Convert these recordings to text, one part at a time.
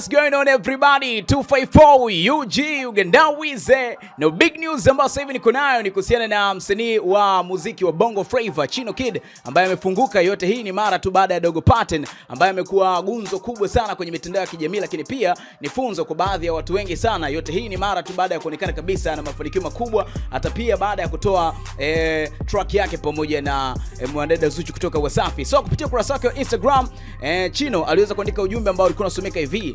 What's going on everybody? 254 UG Uganda Wize. No big news ambayo sasa hivi niko nayo ni kuhusiana na msanii wa muziki wa Bongo Flava Chino Kid ambaye amefunguka. Yote hii ni mara tu baada ya Dogo Pattern ambaye amekuwa gunzo kubwa sana kwenye mitandao ya kijamii, lakini pia ni funzo kwa baadhi ya watu wengi sana. Yote hii ni mara tu baada ya kuonekana kabisa na mafanikio makubwa, hata pia baada ya kutoa eh, track yake pamoja na eh, mwanadada Zuchu kutoka Wasafi. So kupitia ukurasa wake wa Instagram eh, Chino aliweza kuandika ujumbe ambao ulikuwa unasomeka hivi: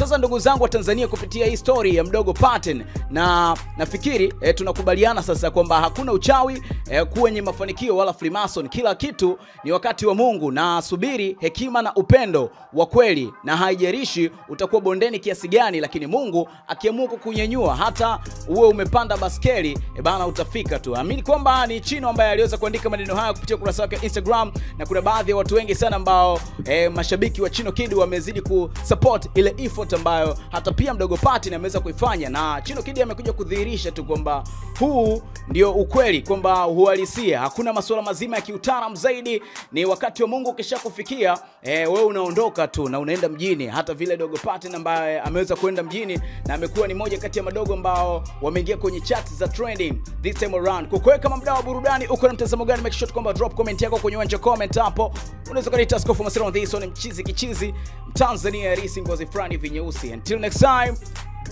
Sasa ndugu zangu wa Tanzania, kupitia hii story ya mdogo Paten, na nafikiri eh, tunakubaliana sasa kwamba hakuna uchawi eh, kwenye mafanikio wala Freemason. Kila kitu ni wakati wa Mungu, na subiri hekima na upendo wa kweli, na haijarishi utakuwa bondeni kiasi gani, lakini Mungu akiamua kukunyanyua hata uwe umepanda baskeli eh, bana utafika tu. Amini kwamba ni Chino ambaye aliweza kuandika maneno haya kupitia ukurasa wake Instagram, na kuna baadhi ya watu wengi sana ambao eh, mashabiki wa Chino Kid wamezidi kusupport ile effort yote ambayo hata pia mdogo Patin ameweza kuifanya, na Chino Kidi amekuja kudhihirisha tu kwamba huu ndio ukweli, kwamba uhalisia, hakuna masuala mazima ya kiutaalamu zaidi. Ni wakati wa Mungu ukishakufikia eh, wewe unaondoka tu na unaenda mjini. Hata vile dogo Patin ambaye ameweza kuenda mjini na amekuwa ni moja kati ya madogo ambao wameingia kwenye chat za trending this time around. Kwa kweli kama mdau wa burudani, uko na mtazamo gani? Make sure kwamba drop comment yako kwenye uwanja comment hapo. Unaweza kuniita Askofu Masiro on this one, mchizi kichizi Mtanzania, risi ngozi fulani vinyo We'll see Until next time,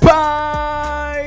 bye.